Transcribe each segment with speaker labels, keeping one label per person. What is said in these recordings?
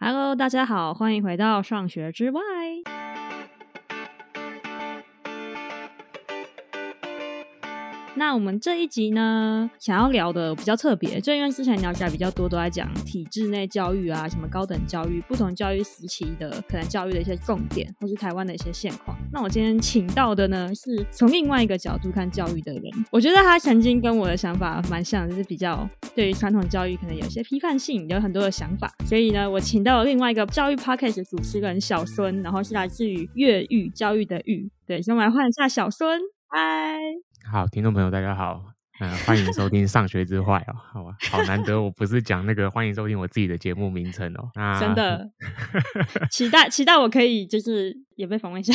Speaker 1: Hello，大家好，歡迎回到上學之外。那我們這一集呢，想要聊的比較特別，就因為之前聊起來比較多，都在講體制內教育啊，什麼高等教育、不同教育時期的可能教育的一些重點，或是台灣的一些現況。那我今天請到的呢，是從另外一個角度看教育的人，我覺得他曾經跟我的想法蠻像，就是比較對於傳統教育可能有些批判性，有很多的想法。所以呢，我請到了另外一個教育 Podcast 主持人小孫，然後是來自於越育教育的育。對，先來換一下小孫，嗨。
Speaker 2: 好，聽眾朋友，大家好，嗯、呃，歡迎收聽《上學之 WHY》哦，好吧，好難得，我不是講那個歡迎收聽我自己的節目名稱哦，真的，
Speaker 1: 期待 期待，期待我可以就是也被訪問一下，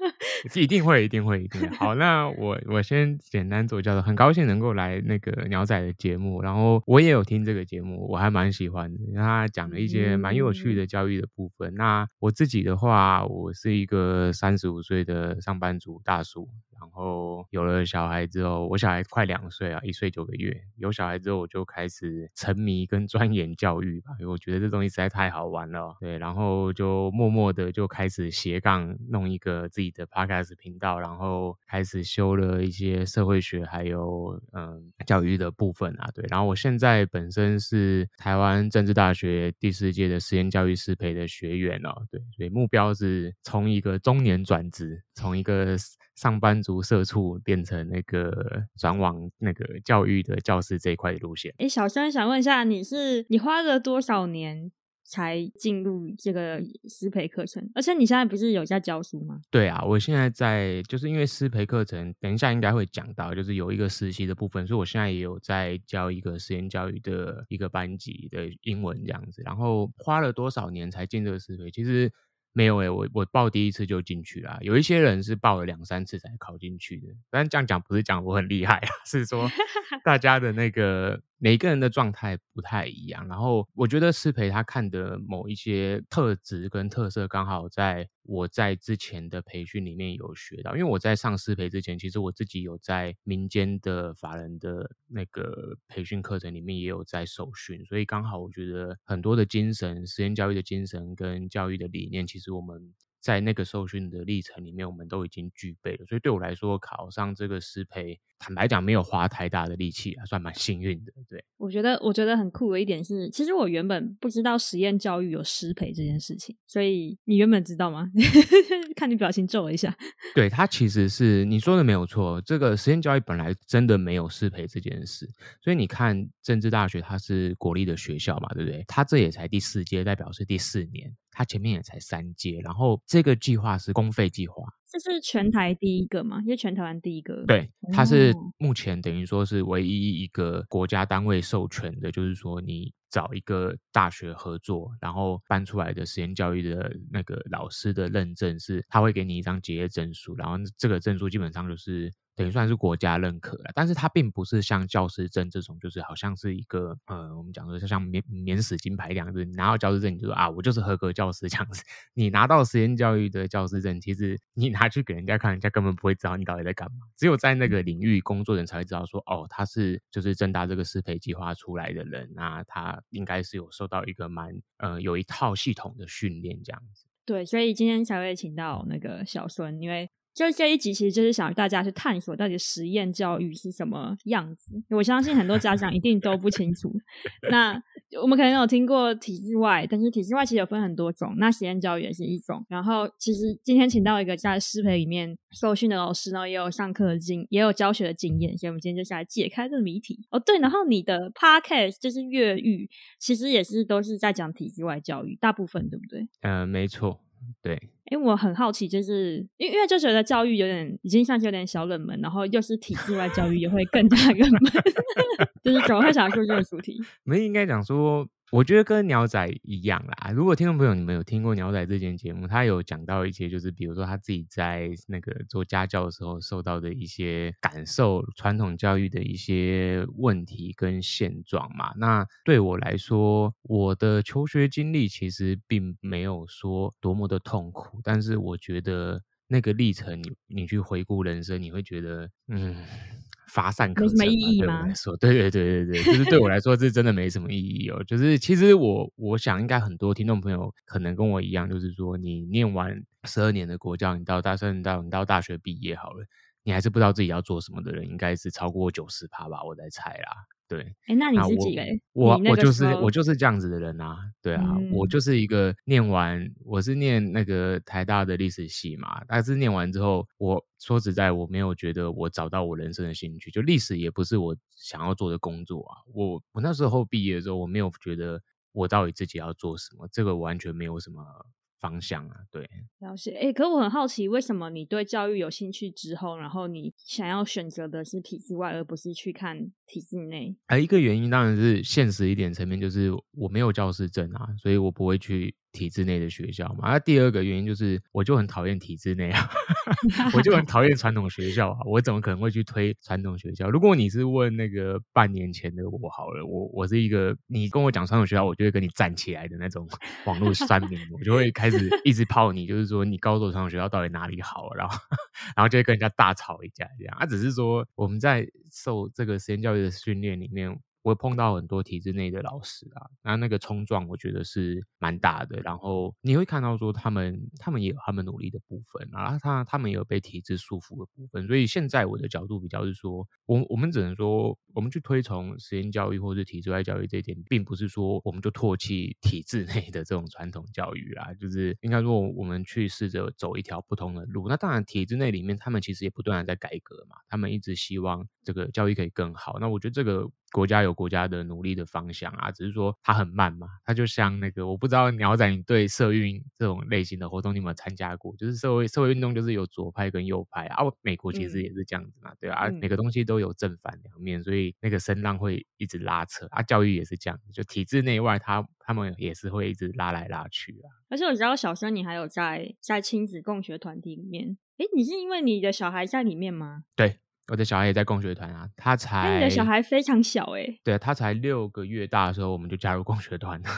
Speaker 2: 是一定會，一定會，一定會好。那我我先簡單做介紹，叫做很高興能夠來那個鳥仔的節目，然後我也有聽這個節目，我還蠻喜歡的，他講了一些蠻有趣的教育的部分。嗯、那我自己的話，我是一個三十五歲的上班族大叔。然後有了小孩之後，我小孩快兩歲啊，一歲九個月。有小孩之後，我就開始沉迷跟鑽研教育吧，因為我覺得這東西實在太好玩了。對，然後就默默的就開始斜槓弄一個自己的 podcast 頻道，然後開始修了一些社會學還有嗯教育的部分啊。對，然後我現在本身是台灣政治大學第四屆的實驗教育師培的學員哦、啊。對，所以目標是從一個中年轉職，從一個上班族社畜變成那個轉往那個教育的教師，這一塊的路線。哎、欸，
Speaker 1: 小孫想問一下，你是你花了多少年才進入這個師培課程？而且你現在不是有在教書嗎？
Speaker 2: 對啊，我現在在，就是因為師培課程，等一下應該會講到，就是有一個實習的部分，所以我現在也有在教一個實驗教育的一個班級的英文這樣子。然後花了多少年才進這個師培？其實。沒有誒、欸，我我報第一次就進去了，啊，有一些人是報了兩三次才考進去的。但這樣講不是講我很厲害啊，是說大家的那個每個人的狀態不太一樣。然後我覺得師培他看的某一些特質跟特色剛好在。我在之前的培訓裡面有學到，因為我在上師培之前，其實我自己有在民間的法人的那個培訓課程裡面也有在受訓，所以剛好我覺得很多的精神、實驗教育的精神跟教育的理念，其實我們，在那個受訓的歷程裡面，我們都已經具備了，所以對我來說，考上這個師培，坦白講，沒有花太大的力氣啊，還算蠻幸運的，對。
Speaker 1: 我覺得，我覺得很酷的一點是，其實我原本不知道實驗教育有師培這件事情，所以你原本知道嗎？ 看你表情皺了一下。
Speaker 2: 對，他其實是你說的沒有錯，這個實驗教育本來真的沒有師培這件事，所以你看政治大學，它是國立的學校嘛，對不對？他這也才第四屆，代表是第四年。他前面也才三屆，然後這個計劃是公費計劃，
Speaker 1: 這是全台第一個嗎？因為全台灣第一個，對，它是
Speaker 2: 目前等於說是唯一一個國家單位授權的，就是說你找一個大學合作，然後辦出來的實驗教育的那個老師的認證是，他會給你一張結業證書，然後這個證書基本上就是。等於算是國家認可了，但是它並不是像教師證這種，就是好像是一個呃，我們講說就像免免死金牌一樣，就是你拿到教師證你就說啊，我就是合格教師這樣子。你拿到實驗教育的教師證，其實你拿去給人家看，人家根本不會知道你到底在幹嘛。只有在那個領域工作人才會知道說，哦，他是就是政大這個師培計劃出來的人啊，那他應該是有受到一個蠻呃有一套系統的訓練這樣子。
Speaker 1: 對，所以今天才會請到那個小孫，因為。就這一集，其實就是想大家去探索到底實驗教育是什麼樣子。我相信很多家長一定都不清楚。 那我們可能有聽過體制外，但是體制外其實有分很多種，那實驗教育也是一種。然後，其實今天請到一個在師培裡面受訓的老師呢，然後，也有上課的經，也有教學的經驗。所以，我們今天就下來解開這個謎題。哦，對。然後你的 podcast 就是越育，其實也是都是在講體制外教育，大部分對不對？
Speaker 2: 嗯、呃，沒錯。對，
Speaker 1: 因為我很好奇，就是因為就覺得教育有點已經算是有點小冷門，然後又是體制外教育，也會更加冷門，就是怎麼會想說這個主題，
Speaker 2: 沒應該講說。我覺得跟鳥仔一樣啦。如果聽眾朋友你們有聽過鳥仔這間節目，他有講到一些就是，比如說他自己在那個做家教的時候受到的一些感受，傳統教育的一些問題跟現狀嘛。那對我來說，我的求學經歷其實並沒有說多麼的痛苦，但是我覺得那個歷程你，你你去回顧人生，你會覺得嗯。乏善可陳、啊、沒意義嗎？對，對對對對對，就是對我來說是真的沒什麼意義哦。 就是其實我我想，應該很多聽眾朋友可能跟我一樣，就是說，你念完十二年的國教，你到大三，到你到大學畢業好了，你還是不知道自己要做什麼的人，應該是超過九十趴吧，我在猜啦。對，哎、欸，那你自己，欸，我我，我就是我就是這樣子的人啊，對啊，嗯、我就是一個念完，我是念那個台大的歷史系嘛，但是念完之後，我說實在，我沒有覺得我找到我人生的興趣，就歷史也不是我想要做的工作啊，我我那時候畢業的時候，我沒有覺得我到底自己要做什麼，這個完全沒有什麼。方向啊，對，
Speaker 1: 了解。哎，可我很好奇，為什麼你對教育有興趣之後，然後你想要選擇的是體制外，而不是去看體制內？
Speaker 2: 啊、呃，一個原因當然是現實一點層面，就是我沒有教師證啊，所以我不會去體制內的學校嘛，那第二個原因就是，我就很討厭體制內啊， 我就很討厭傳統學校啊，我怎麼可能會去推傳統學校？如果你是問那個半年前的我好了，我我是一個你跟我講傳統學校，我就會跟你站起來的那種網絡酸民， 我就會開始一直泡你，就是說你高中傳統學校到底哪裡好，然後 然後就會跟人家大吵一架這樣。他、啊、只是說我們在受這個實驗教育的訓練裡面。我碰到很多體制內的老師啊，那那個衝撞我覺得是蠻大的。然後你會看到說他們，他們也有他們努力的部分啊，他他們也有被體制束縛的部分。所以現在我的角度比較是說，我我們只能說，我們去推崇實驗教育或者體制外教育這一點，並不是說我們就唾棄體制內的這種傳統教育啊。就是應該說，我們去試着走一條不同的路。那當然，體制內裡面他們其實也不斷的在改革嘛，他們一直希望這個教育可以更好。那我覺得這個。國家有國家的努力的方向啊，只是說它很慢嘛。它就像那個，我不知道鳥仔，你對社運這種類型的活動你有沒有參加過？就是社會社會運動，就是有左派跟右派啊，啊。美國其實也是這樣子嘛，嗯、對啊，啊嗯、每個東西都有正反兩面，所以那個聲浪會一直拉扯啊。教育也是這樣子，就體制內外，他他們也是會一直拉來拉去啊。
Speaker 1: 而且我知道小孫，你還有在在親子共學團體裡面，誒、欸、你是因為你的小孩在裡面嗎？
Speaker 2: 對。我的小孩也在共學團啊，他才。你的小孩
Speaker 1: 非常小誒、欸、
Speaker 2: 對，他才六個月大的時候，我們就加入共學團了。
Speaker 1: 誒、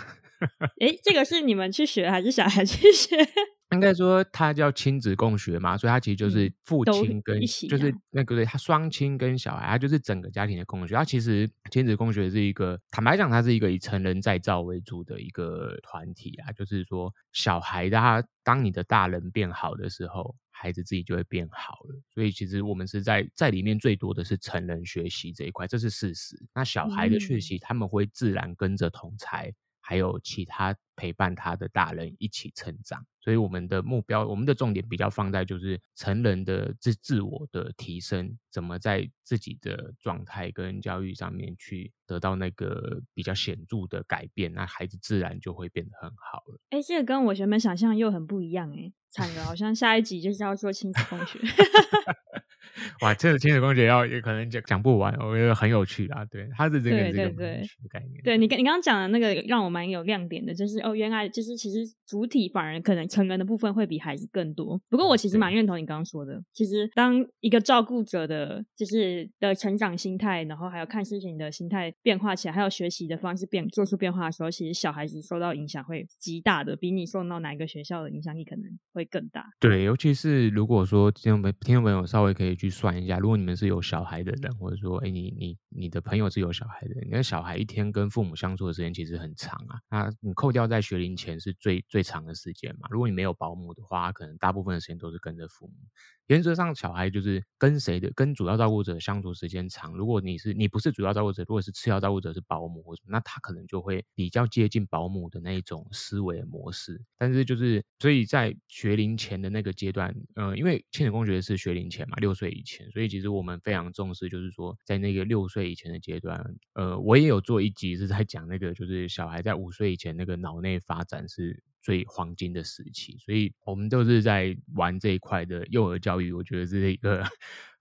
Speaker 1: 欸、這個是你們去學還是小孩去學？
Speaker 2: 應該說，他叫親子共學嘛，所以他其實就是父親跟、嗯啊、就是那個對，他雙親跟小孩，他就是整個家庭的共學。他其實親子共學是一個坦白講，他是一個以成人再造為主的一個團體啊，就是說小孩他當你的大人變好的時候。孩子自己就會變好了，所以其實我們是在在裡面最多的是成人學習這一塊，這是事實。那小孩的學習，嗯、他們會自然跟着同儕，還有其他陪伴他的大人一起成長，所以我們的目標，我們的重點比較放在就是成人的自自我的提升，怎麼在自己的狀態跟教育上面去得到那個比較顯著的改變，那孩子自然就會變得很好
Speaker 1: 了。哎，這個跟我原本想象又很不一樣哎，慘了，好像下一集就是要做親子共學。
Speaker 2: 哇，這個親子共學要也可能講講不完，我覺得很有趣啦。對，他是的這個這個
Speaker 1: 概念。對你，你剛剛講的那個讓我蠻有亮點的，就是哦，原來就是其實主體反而可能成人的部分會比孩子更多。不過我其實蠻認同你剛剛說的，對其實當一個照顧者的就是的成長心態，然後還有看事情的心態變化起來，還有學習的方式變做出變化的時候，其實小孩子受到影響會極大的，比你送到哪一個學校的影響力可能會更大。
Speaker 2: 對，尤其是如果說聽眾們聽眾朋友稍微可以。去算一下，如果你們是有小孩的人，或者、嗯、說，哎，你你。你的朋友是有小孩的，你看小孩一天跟父母相處的時間其實很長啊。那你扣掉在學齡前是最最長的時間嘛，如果你沒有保姆的話，可能大部分的時間都是跟着父母。原則上，小孩就是跟誰的，跟主要照顧者相處時間長。如果你是你不是主要照顧者，如果是次要照顧者是保姆，那他可能就會比較接近保姆的那一種思維模式。但是就是所以在學齡前的那個階段，嗯、呃，因為親子共學是學齡前嘛，六歲以前，所以其實我們非常重視，就是說在那個六歲。以前的階段，呃，我也有做一集是在講那個，就是小孩在五歲以前那個腦內發展是最黃金的時期，所以我們都是在玩這一塊的幼兒教育，我覺得是一個。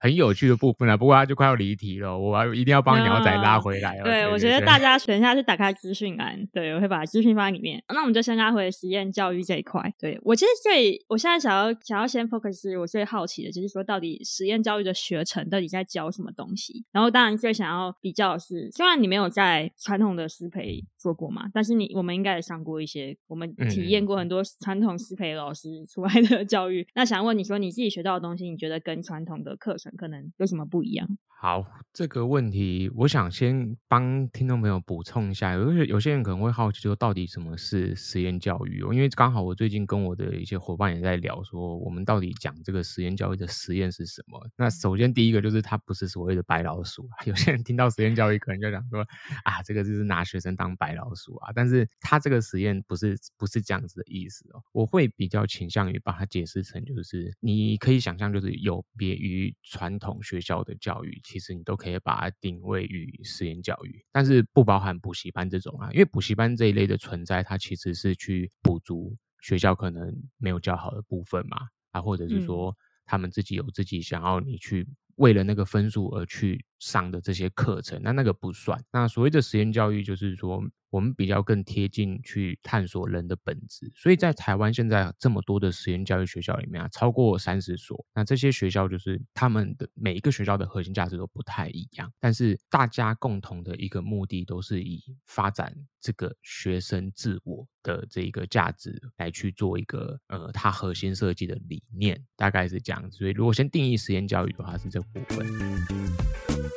Speaker 2: 很有趣的部分呢、啊，不過它就快要離題了，我一定要幫鳥仔、嗯、拉回來、啊。對，對對，我覺得大家
Speaker 1: 等一下去打開資訊欄，對，我會把資訊放在裡面。那我們就先拉回實驗教育這一塊。對，我其實最，我現在想要想要先 focus，我最好奇的就是說，到底實驗教育的學程到底在教什麼東西？然後當然最想要比較的是，雖然你沒有在傳統的師培做過嘛，但是你我們應該也上過一些，我們體驗過很多傳統師培老師出來的教育。嗯嗯，那想問你說，你自己學到的東西，你覺得跟傳統的課程，可能有什麼不一樣？
Speaker 2: 好，這個問題我想先幫聽眾朋友補充一下，有些人可能會好奇，說到底什麼是實驗教育？哦，因為剛好我最近跟我的一些夥伴也在聊，說我們到底講這個實驗教育的實驗是什麼？那首先第一個就是它不是所謂的白老鼠啊，有些人聽到實驗教育，可能就講說想說啊，這個就是拿學生當白老鼠啊。但是他這個實驗不是不是這樣子的意思哦。我會比較傾向於把它解釋成，就是你可以想象，就是有別於傳傳統學校的教育，其實你都可以把它定位於實驗教育，但是不包含補習班這種啊，因為補習班這一類的存在，它其實是去補足學校可能沒有教好的部分嘛，啊，或者是說、嗯、他們自己有自己想要你去為了那個分數而去。上的這些課程，那那個不算。那所謂的實驗教育，就是說我們比較更貼近去探索人的本質。所以在台灣現在這麼多的實驗教育學校裡面啊，超過三十所。那這些學校就是他們的每一個學校的核心價值都不太一樣，但是大家共同的一個目的都是以發展這個學生自我的這一個價值來去做一個，呃，它核心設計的理念，大概是這樣。所以如果先定義實驗教育的話，是這部分。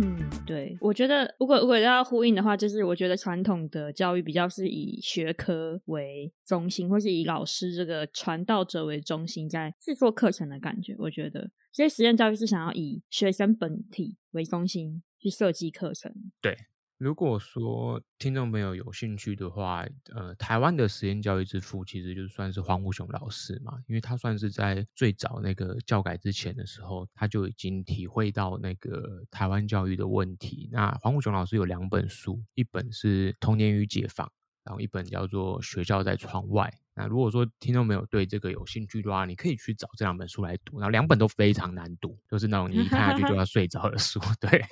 Speaker 1: 嗯，對，我覺得如果如果要呼應的話，就是我覺得傳統的教育比較是以學科為中心，或是以老師這個傳道者為中心在制作課程的感覺。我覺得，所以實驗教育是想要以學生本體為中心去設計課程，
Speaker 2: 對。如果說聽眾朋友有興趣的話，呃，台灣的實驗教育之父其實就算是黃武雄老師嘛，因為他算是在最早那個教改之前的時候，他就已經體會到那個台灣教育的問題。那黃武雄老師有兩本書，一本是《童年與解放》，然後一本叫做《學校在窗外》。那如果說聽眾朋友對這個有興趣的話，你可以去找這兩本書來讀。然後兩本都非常難讀，就是那種你一看下去就要睡着的書，對。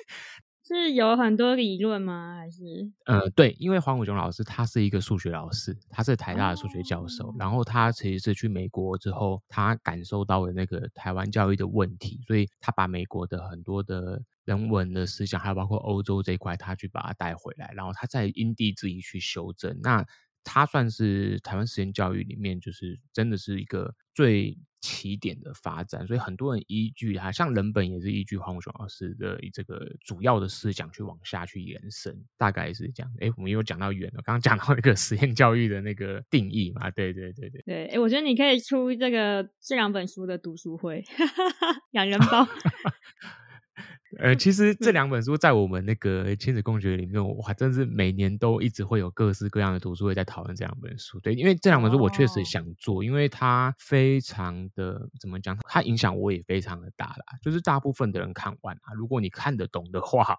Speaker 1: 是有很多理論嗎？還是
Speaker 2: 呃，對，因為黃武雄老師他是一個數學老師，他是台大的數學教授，哦，然後他其實是去美國之後，他感受到了那個台灣教育的問題，所以他把美國的很多的人文的思想，還有包括歐洲這一塊，他去把它帶回來，然後他再因地制宜去修正那。它算是台灣實驗教育裡面，就是真的是一個最起點的發展，所以很多人依據它，像人本也是依據黃武雄老師的這個主要的思想去往下去延伸，大概是這樣。誒、欸、我們又講到遠了，剛剛講到那個實驗教育的那個定義嘛，對對對對
Speaker 1: 對。哎，我覺得你可以出這個這兩本書的讀書會，兩 人包。
Speaker 2: 呃，其實這兩本書在我們那個親子共學裡面，我還真是每年都一直會有各式各樣的讀書會在討論這兩本書。對，因為這兩本書我確實想做，哦、因為它非常的怎麼講，它影響我也非常的大啦。就是大部分的人看完啊，如果你看得懂的話，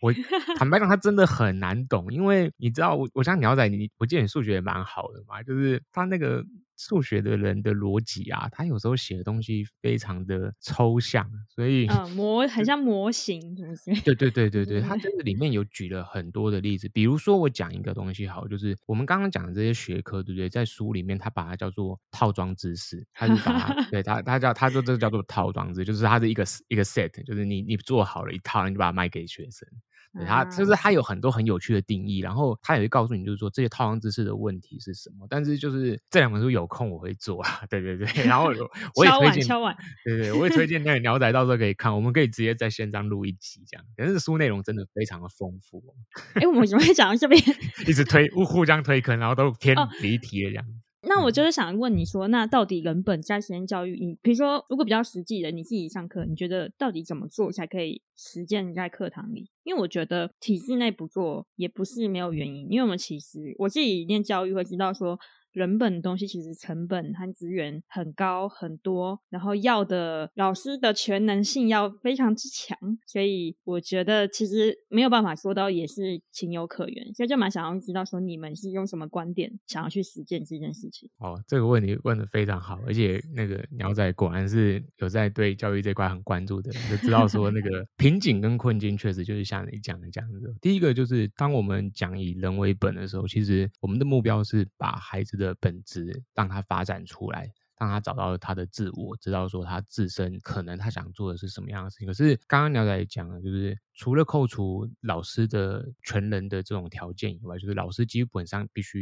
Speaker 2: 我坦白講，它真的很難懂。 因為你知道我，我我像鳥仔你，我記得你我見你數學也蠻好的嘛，就是它那個。數學的人的邏輯啊，他有時候寫的東西非常的抽象，所以、呃、
Speaker 1: 模很像模型，是就？
Speaker 2: 對對對對對，他這個裡面有舉了很多的例子，對比如說我講一個東西好，就是我們剛剛講的這些學科，對不對？在書裡面他把它叫做套裝知識，他就把它， 對他他叫他說這個叫做套裝知識，就是它是一個一個 set，就是你你做好了一套，你就把它賣給學生。對，他就是他有很多很有趣的定義，然後他也會告訴你，就是說這些套裝知識的問題是什麼。但是就是這兩本書有空我會做啊，對對對。然後我也推薦，敲碗敲碗。對對，我也推薦那個鳥仔，到時候可以看。 我們可以直接在線上錄一集這樣。可是書內容真的非常的豐富。哎，我
Speaker 1: 們怎麼會講到這邊？
Speaker 2: 一直推互相推坑，然後都偏離題了這樣。哦
Speaker 1: 那我就是想問你說，那到底人本在實驗教育，你比如說，如果比較實際的，你自己上課，你覺得到底怎麼做才可以實踐在課堂裡？因為我覺得體制內不做也不是沒有原因，因為我們其實我自己念教育會知道說。人本的東西其實成本和資源很高很多，然後要的老師的全能性要非常之強，所以我覺得其實沒有辦法說到，也是情有可原。所以就蠻想要知道說你們是用什麼觀點想要去實踐這件事情。
Speaker 2: 哦，這個問題問得非常好，而且那個鳥仔果然是有在對教育這塊很關注的，就知道說那個瓶頸跟困境確實就是像你講的這樣子。 第一個就是當我們講以人為本的時候，其實我們的目標是把孩子的。的本質讓他發展出來，讓他找到他的自我，知道說他自身可能他想做的是什麼樣的事情。可是剛剛鳥仔講了，就是除了扣除老師的全人的這種條件以外，就是老師基本上必須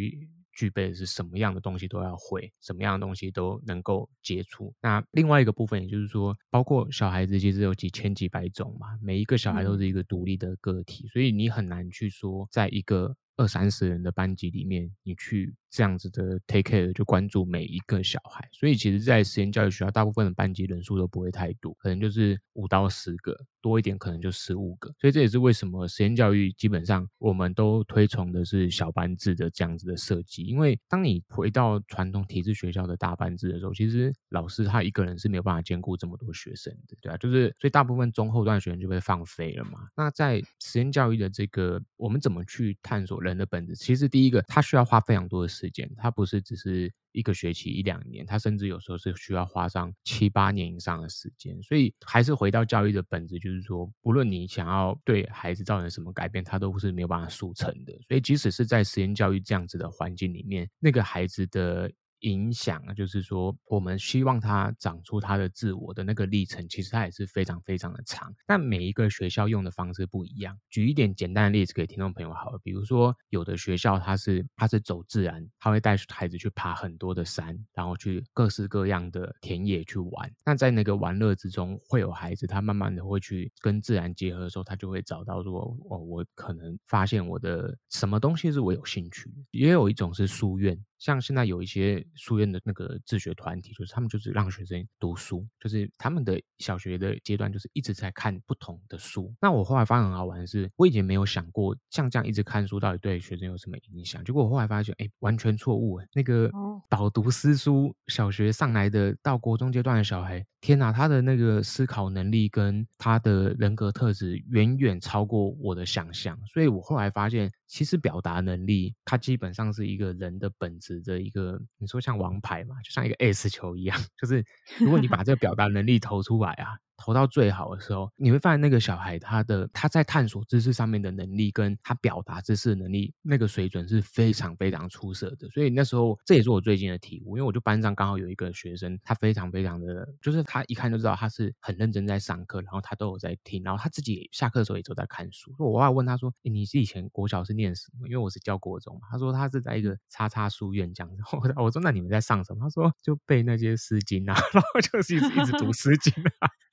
Speaker 2: 具備的是什麼樣的東西都要會，什麼樣的東西都能夠接觸。那另外一個部分，也就是說，包括小孩子其實有幾千幾百種嘛，每一個小孩都是一個獨立的個體，嗯、所以你很難去說，在一個二三十人的班級裡面，你去。這樣子的 take care 就關注每一個小孩，所以其實，在實驗教育學校，大部分的班級人數都不會太多，可能就是五到十個，多一點，可能就十五個。所以這也是為什麼實驗教育基本上我們都推崇的是小班制的這樣子的設計。因為當你回到傳統體制學校的大班制的時候，其實老師他一個人是沒有辦法兼顧這麼多學生的，對啊？就是所以大部分中後段學生就被放飛了嘛。那在實驗教育的這個，我們怎麼去探索人的本質？其實第一個，他需要花非常多的時間。時間，他不是只是一個學期一兩年，他甚至有時候是需要花上七八年以上的時間。所以還是回到教育的本質，就是說，不論你想要對孩子造成什麼改變，他都是沒有辦法速成的。所以，即使是在實驗教育這樣子的環境裡面，那個孩子的影響就是說，我們希望他長出他的自我的那個歷程，其實它也是非常非常的長。但每一個學校用的方式不一樣。舉一點簡單的例子給聽眾朋友好了，比如說有的學校它是它是走自然，他會帶孩子去爬很多的山，然後去各式各樣的田野去玩。那在那個玩樂之中，會有孩子他慢慢的會去跟自然結合的時候，他就會找到說哦，我可能發現我的什麼東西是我有興趣的。也有一種是書院。像現在有一些書院的那個自學團體，就是他們就是讓學生讀書，就是他們的小學的階段就是一直在看不同的書。那我後來發現很好玩的是，我以前沒有想過像這樣一直看書到底對學生有什麼影響。結果我後來發現，哎，完全錯誤！誒。那個導讀私塾，小學上來的到國中階段的小孩，天哪、啊，他的那個思考能力跟他的人格特質遠遠超過我的想象。所以我後來發現。其實表達能力，它基本上是一個人的本質的一個，你說像王牌嘛，就像一個 S 球一樣，就是如果你把這個表達能力投出來啊。 投到最好的時候，你會發現那個小孩他的他在探索知識上面的能力，跟他表達知識的能力，那個水準是非常非常出色的。所以那時候，這也是我最近的體悟，因為我就班上剛好有一個學生，他非常非常的，就是他一看就知道他是很認真在上課，然後他都有在聽，然後他自己下課的時候也都在看書。所以我爸問他說，欸：“你是以前國小是念什麼？”因為我是教國中嘛，他說他是在一個叉叉書院這樣子。我說：“那你們在上什麼？”他說：“就背那些詩經啊，然後就是一直，一直讀詩經啊。”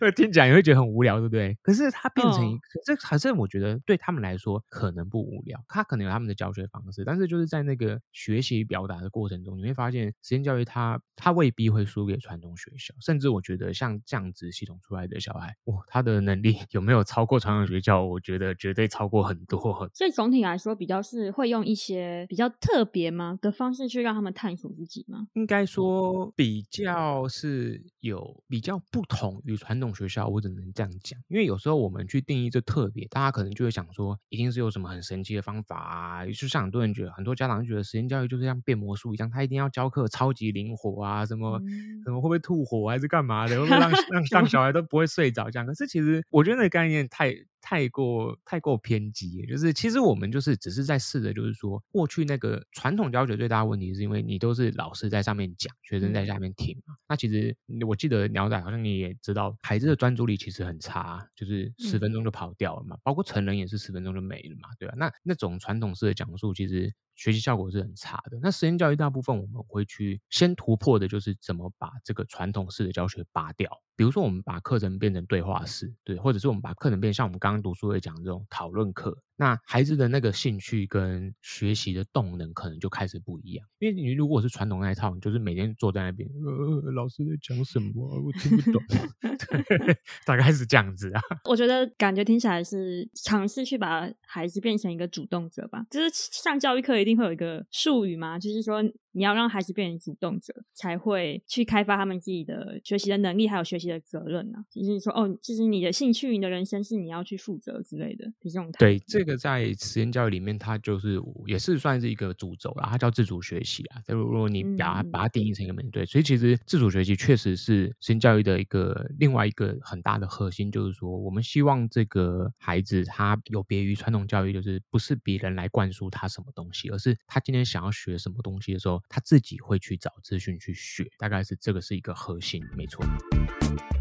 Speaker 2: 我 聽講也會覺得很無聊，對不對？可
Speaker 1: 是他變成，
Speaker 2: 可是可是，反正我覺得對他們來說可能不無聊。他可能有他們的教學方式，但是就是在那個學習表達的過程中，你會發現實驗教育他他未必會輸給傳統學校，甚至我覺得像這樣子系統出來的小孩，哇，他的能力有沒有超過傳統學校？我覺得絕對超過很多。所
Speaker 1: 以總體來說，比較是會用一些比較特別嘛的方式去讓他們探索自己嗎？應
Speaker 2: 該說比較是有比較不同。與傳統學校，我只能這樣講，因為有時候我們去定義這特別，大家可能就會想說，一定是有什麼很神奇的方法啊。於是上很多人覺得，很多家長覺得實驗教育就是像變魔術一樣，他一定要教課超級靈活啊，什麼可能、嗯、會不會吐火還是幹嘛的，會不會讓 讓讓小孩都不會睡着這樣。可是其實，我覺得那個概念太。太過太過偏激，就是其實我們就是只是在試着就是說過去那個傳統教學最大的問題，是因為你都是老師在上面講，學生在下面聽嘛。嗯、那其實我記得鳥仔好像你也知道，孩子的專注力其實很差，就是十分鐘就跑掉了嘛。嗯、包括成人也是十分鐘就沒了嘛，對吧、啊？那那種傳統式的講述，其實。學習效果是很差的。那實驗教育大部分我們會去先突破的，就是怎麼把這個傳統式的教學拔掉。比如說，我們把課程變成對話式，對，或者是我們把課程變成像我們剛剛讀書會講這種討論課。那孩子的那個興趣跟學習的動能可能就開始不一樣，因為你如果是傳統那一套，你就是每天坐在那邊，呃，老師在講什麼，我聽不懂， 大概是這樣子啊。
Speaker 1: 我覺得感覺聽起來是嘗試去把孩子變成一個主動者吧。就是上教育課一定會有一個術語嘛，就是說。你要讓孩子變成主動者，才會去開發他們自己的學習的能力，還有學習的責任啊。其實你說哦，其實你的興趣，你的人生是你要去負責之類的，這種對，
Speaker 2: 這個在實驗教育裡面，它就是也是算是一個主軸啦，它叫自主學習啊。如果如果你把它、嗯、把它定義成一個門對。對，所以其實自主學習確實是實驗教育的一個另外一個很大的核心，就是說我們希望這個孩子他有別於傳統教育，就是不是別人來灌輸他什麼東西，而是他今天想要學什麼東西的時候。他自己會去找資訊去學，大概是這個是一個核心，沒錯。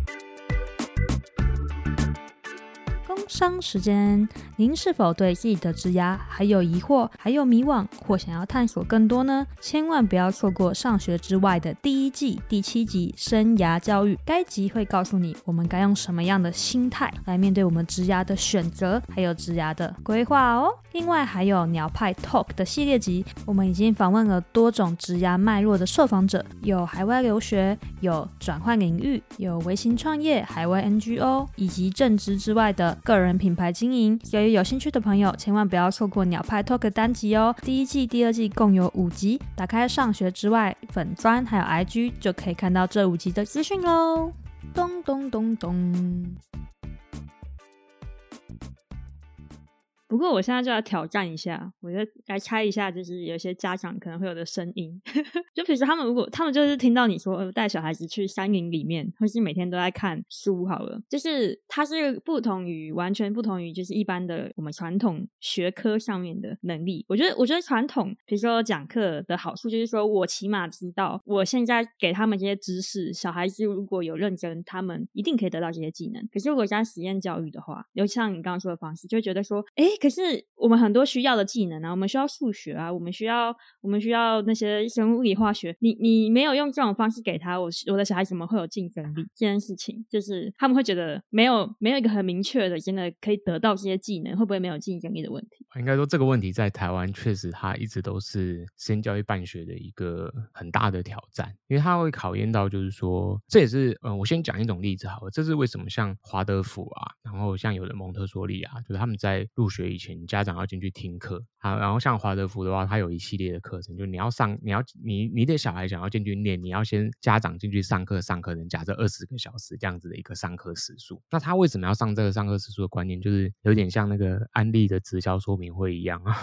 Speaker 1: 商時間，您是否對自己的職涯還有疑惑，還有迷惘，或想要探索更多呢？千萬不要錯過上學之外的第一季第七集《生涯教育》。該集會告訴你，我們該用什麼樣的心態來面對我們職涯的選擇，還有職涯的規劃哦。另外，還有鳥派 Talk 的系列集，我們已經訪問了多種職涯脈絡的受訪者，有海外留學，有轉換領域，有微型創業、海外 NGO 以及正職之外的個人。個人品牌經營，由於有興趣的朋友，千萬不要錯過鳥派 Talk 的單集哦。第一季、第二季共有五集，打開“上學之 WHY” 粉專還有 IG 就可以看到這五集的資訊嘍。咚咚咚咚。不過我現在就要挑戰一下，我就來猜一下，就是有些家長可能會有的聲音，呵呵，就比如說他們如果他們就是聽到你說帶小孩子去山林裡面，或是每天都在看書好了，就是它是不同於完全不同於就是一般的我們傳統學科上面的能力。我覺得我覺得傳統比如說講課的好處就是說我起碼知道我現在給他們這些知識，小孩子如果有認真，他們一定可以得到這些技能。可是如果是在實驗教育的話，尤其像你剛剛說的方式，就覺得說，哎。可是我們很多需要的技能啊，我們需要數學啊，我們需要我們需要那些生物、物理、化學。你你沒有用這種方式給他，我我的小孩怎麼會有競爭力？這件事情就是他們會覺得沒有沒有一個很明確的，真的可以得到這些技能，會不會沒有競爭力的問題？
Speaker 2: 應該說，這個問題在台灣確實，它一直都是先教育辦學的一個很大的挑戰，因為它會考驗到，就是說這也是嗯、呃，我先講一種例子好了。這是為什麼像華德福啊，然後像有的蒙特梭利啊，就是他們在入學。以前家長要進去聽課，好，然後像華德福的話，他有一系列的課程，就你要上，你要你你的小孩想要進去念，你要先家長進去上課，上課人假設二十個小時這樣子的一個上課時數。那他為什麼要上這個上課時數的觀念？就是有點像那個安利的直銷說明會一樣啊。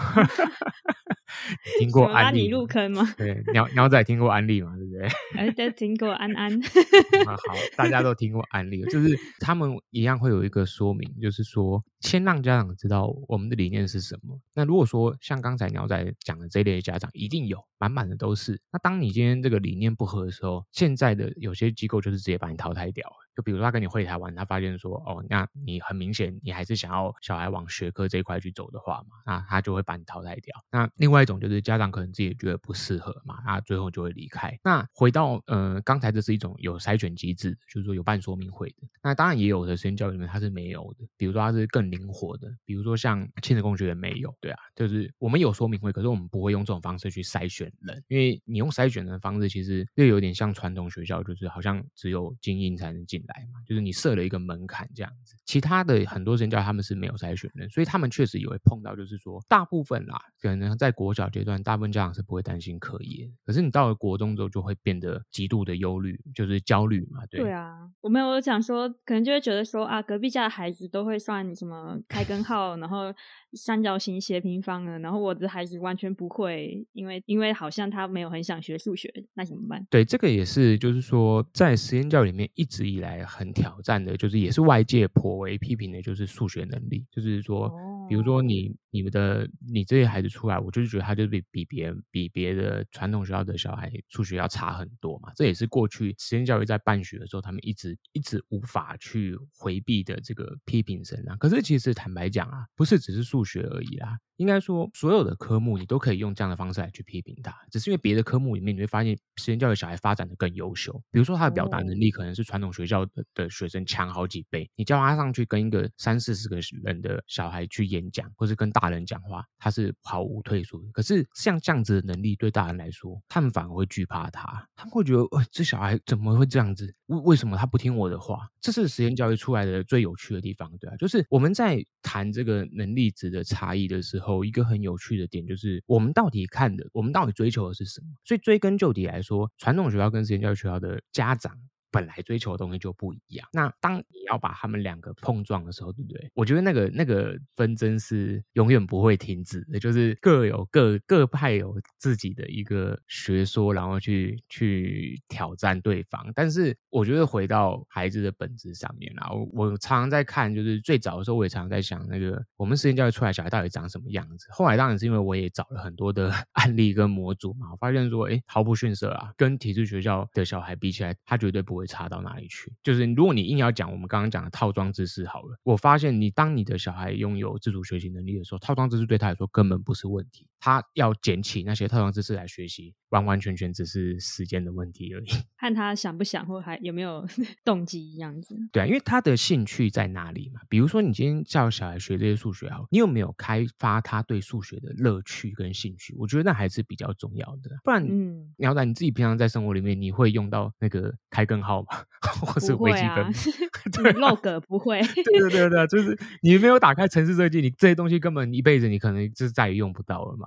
Speaker 2: 聽過安利入
Speaker 1: 坑嗎？對，鳥
Speaker 2: 鳥仔聽過安利嗎？對不對？再
Speaker 1: 聽過 欸，聽過安安。 好，
Speaker 2: 大家都聽過安利，就是他們一樣會有一個說明，就是說。先讓家長知道我們的理念是什麼。那如果說像剛才鳥仔講的這一類家長一定有，滿滿的都是。那當你今天這個理念不合的時候，現在的有些機構就是直接把你淘汰掉了。就比如說他跟你會談完，他發現說哦，那你很明顯你還是想要小孩往學科這一塊去走的話嘛，那他就會把你淘汰掉。那另外一種就是家長可能自己也覺得不適合嘛，那最後就會離開。那回到呃剛才這是一種有篩選機制，就是說有辦說明會的。那當然也有的實驗教育裡面它是沒有的，比如說它是更靈活的，比如說像親子共學也沒有。對啊，就是我們有說明會，可是我們不會用這種方式去篩選人，因為你用篩選人的方式其實略有點像傳統學校，就是好像只有精英才能進。來嘛，就是你設了一個門檻這樣子，其他的很多人叫家他們是沒有篩選的，所以他們確實也會碰到，就是說大部分啦，可能在國小階段，大部分家長是不會擔心課業，可是你到了國中之後，就會變得極度的憂慮，就是焦慮嘛。對，對
Speaker 1: 啊，我沒有講說，可能就會覺得說啊，隔壁家的孩子都會算什麼開根號，然後。三角形斜平方呢？然後我的孩子完全不會，因為因為好像他沒有很想學數學，那怎麼辦？
Speaker 2: 對，這個也是，就是說在實驗教育裡面一直以來很挑戰的，就是也是外界頗為批評的，就是數學能力。就是說，哦、比如說你你們的你這些孩子出來，我就是覺得他就比比別人比別的傳統學校的小孩數學要差很多嘛。這也是過去實驗教育在辦學的時候，他們一直一直無法去回避的這個批評聲啊。可是其實坦白講啊，不是只是數學學而已啦。應該說，所有的科目你都可以用這樣的方式來去批評他，只是因為別的科目裡面你會發現，實驗教育小孩發展的更優秀。比如說他的表達能力可能是傳統學校的，的學生強好幾倍，你叫他上去跟一個三四十個人的小孩去演講，或是跟大人講話，他是毫無退縮。可是像這樣子的能力，對大人來說，他們反而會懼怕他，他們會覺得，呃、哎，這小孩怎麼會這樣子？為為什麼他不聽我的話？這是實驗教育出來的最有趣的地方，對吧、啊？就是我們在談這個能力值的差異的時候。有一個很有趣的點，就是我們到底看的，我們到底追求的是什麼？所以追根究底來說，傳統學校跟實驗教育學校的家長，本來追求的東西就不一樣，那當你要把他們兩個碰撞的時候，對不對？我覺得那個那個紛爭是永遠不會停止的，就是各有各，各派有自己的一個學說，然後去去挑戰對方。但是我覺得回到孩子的本質上面啦，然後我常常在看，就是最早的時候我也常常在想，那個我們實驗教育出來小孩到底長什麼樣子？後來當然是因為我也找了很多的案例跟模組嘛，我發現說，哎，毫不遜色啊，跟體制學校的小孩比起來，他絕對不會差到哪裡去。就是如果你硬要講我們剛剛講的套裝知識好了，我發現你當你的小孩擁有自主學習能力的時候，套裝知識對他來說根本不是問題。他要撿起那些套裝知識來學習，完完全全只是時間的問題而已。
Speaker 1: 看他想不想，或還有沒有動機，這樣子。對啊，因
Speaker 2: 為他的興趣在哪裡嘛？比如說，你今天叫小孩學這些數學好，你有沒有開發他對數學的樂趣跟興趣？我覺得那還是比較重要的。不然，嗯，你要在你自己平常在生活裡面，你會用到那個開根號嗎？或者微積分？
Speaker 1: 對，log 不會。 對對對
Speaker 2: 對，就是你沒有打開程式設計，你這些東西根本一輩子你可能就是再也用不到了嘛。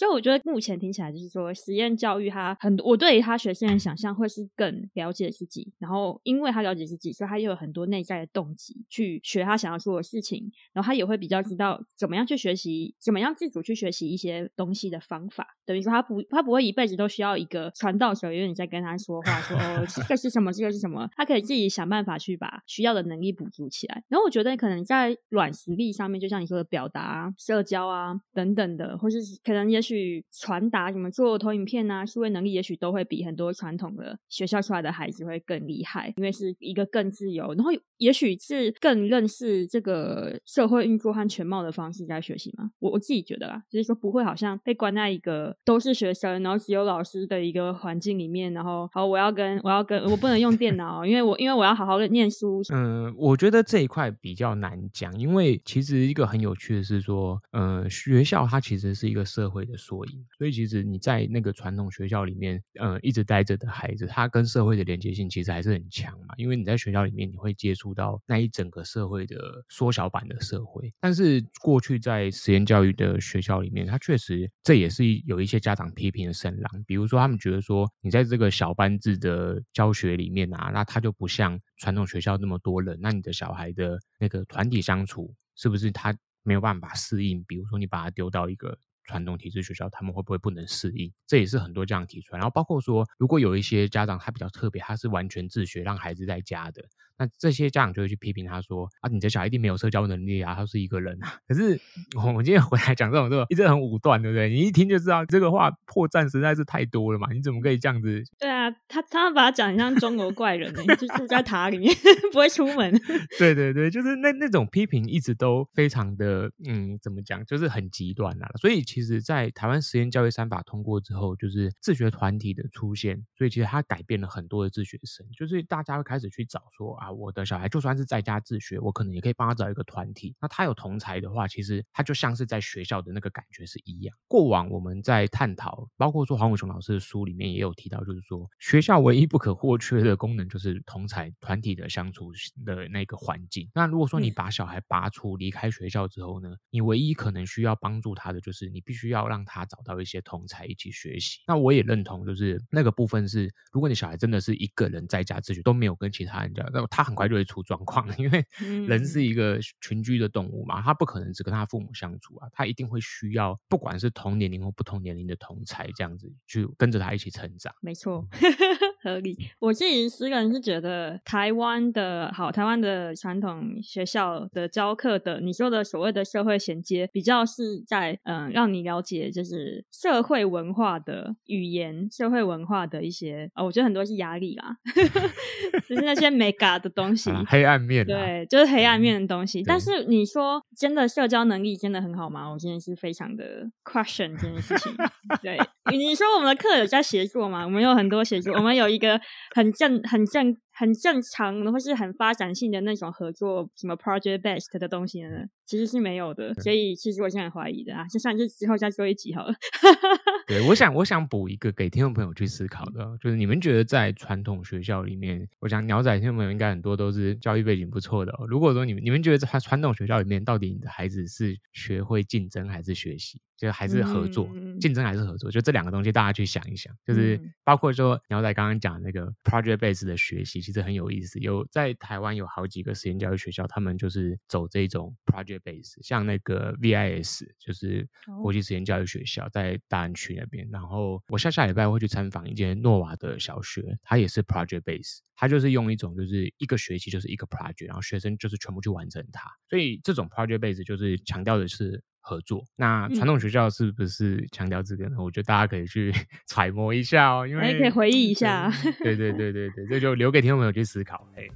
Speaker 1: 所以我覺得目前聽起來就是說，實驗教育他很多，我對於他學生的想象會是更了解自己，然後因為他了解自己，所以他又有很多內在的動機去學他想要做的事情，然後他也會比較知道怎麼樣去學習，怎麼樣自主去學習一些東西的方法。等於說他不，他不會一輩子都需要一個傳道授因為你在跟他說話說，說哦這個是什麼，這個是什麼，他可以自己想辦法去把需要的能力補足起來。然後我覺得可能在軟實力上面，就像你說的表達、社交啊等等的，或是可能也許。去傳達什麼，做投影片吶、啊，思維能力也許都會比很多傳統的學校出來的孩子會更厲害，因為是一個更自由，然後也許是更認識這個社會運作和全貌的方式在學習嘛。我我自己覺得啊，就是說不會好像被關在一個都是學生，然後只有老師的一個環境裡面，然後好我要跟我要跟我不能用電腦， 因為我因為我要好好的念書。嗯，
Speaker 2: 我覺得這一塊比較難講，因為其實一個很有趣的是說，呃，學校它其實是一個社會的。所以，所以其實你在那個傳統學校裡面，呃，一直待着的孩子，他跟社會的連接性其實還是很強嘛，因為你在學校裡面，你會接觸到那一整個社會的縮小版的社會。但是過去在實驗教育的學校裡面，他確實，這也是有一些家長批評的聲浪，比如說他們覺得說，你在這個小班制的教學裡面啊，那他就不像傳統學校那麼多人，那你的小孩的那個團體相處是不是他沒有辦法適應？比如說你把他丟到一個。傳統體制學校，他們會不會不能適應？這也是很多家長提出來。然後包括說，如果有一些家長他比較特別，他是完全自學，讓孩子在家的。那這些家長就會去批評他說：“啊，你的小孩一定沒有社交能力啊，他是一個人啊。”可是我們今天回來講這種，這個一直很武斷，對不對？你一聽就知道這個話破綻實在是太多了嘛，你怎麼可以這樣子？對啊，
Speaker 1: 他他把他講像中國怪人、欸， 就住在塔裡面， 不會出門。
Speaker 2: 對對對，就是那那種批評一直都非常的嗯，怎麼講，就是很極端啊。所以其實，在台灣實驗教育三法通過之後，就是自學團體的出現，所以其實他改變了很多的自學生，就是大家會開始去找說啊。我的小孩就算是在家自學，我可能也可以幫他找一個團體。那他有同儕的話，其實他就像是在學校的那個感覺是一樣。過往我們在探討，包括說黃武雄老師的書裡面也有提到，就是說學校唯一不可或缺的功能就是同儕團體的相處的那個環境。那如果說你把小孩拔出、嗯、離開學校之後呢，你唯一可能需要幫助他的就是你必須要讓他找到一些同儕一起學習。那我也認同，就是那個部分是，如果你小孩真的是一個人在家自學都沒有跟其他人講，那他。他很快就會出狀況，因為人是一個群居的動物嘛，嗯、他不可能只跟他父母相處啊，他一定會需要不管是同年齡或不同年齡的同儕這樣子去跟着他一起成長。
Speaker 1: 沒錯錯。 合理，我自己個人是覺得台灣的好，台灣的傳統學校的教課的，你說的所謂的社會銜接，比較是在嗯，讓你了解就是社會文化的語言、社會文化的一些，呃、哦，我覺得很多是壓力啦， 就是那些沒嘎的東西， 啊、
Speaker 2: 黑暗面、啊，對，
Speaker 1: 就是黑暗面的東西。嗯、但是你說真的社交能力真的很好嗎？我今天是非常的 question 這件事情。 對，你說我們的課有在協作嗎？我們有很多協作，我們有。一個很像，很像。很正常或是很發展性的那種合作，什麼 project based 的東西呢？其實是沒有的，對所以其實我現在很懷疑的啊。就上是之後，再做一集好了。
Speaker 2: 對，我想，我想補一個給聽眾朋友去思考的、哦，嗯、就是你們覺得在傳統學校裡面，我想鳥仔聽眾朋友應該很多都是教育背景不錯的、哦。如果說你們，你們覺得在傳統學校裡面，到底你的孩子是學會競爭還是學習？就還是合作，競、嗯、爭還是合作？嗯、就這兩個東西，大家去想一想。就是包括說、嗯、鳥仔剛剛講那個 project based 的學習。其實很有意思，有在台灣有好幾個實驗教育學校，他們就是走這種 project base，像那個 VIS 就是國際實驗教育學校在大安區那邊，然後我下下禮拜會去參訪一間諾瓦的小學，它也是 project base，它就是用一種就是一個學期就是一個 project，然後學生就是全部去完成它，所以這種 project base 就是強調的是。合作，那傳統學校是不是強調這點呢？嗯、我覺得大家可以去 揣摩一下哦、喔，因為可以
Speaker 1: 回憶一下。
Speaker 2: 對對對對對， 這就留給聽眾朋友去思考， 欸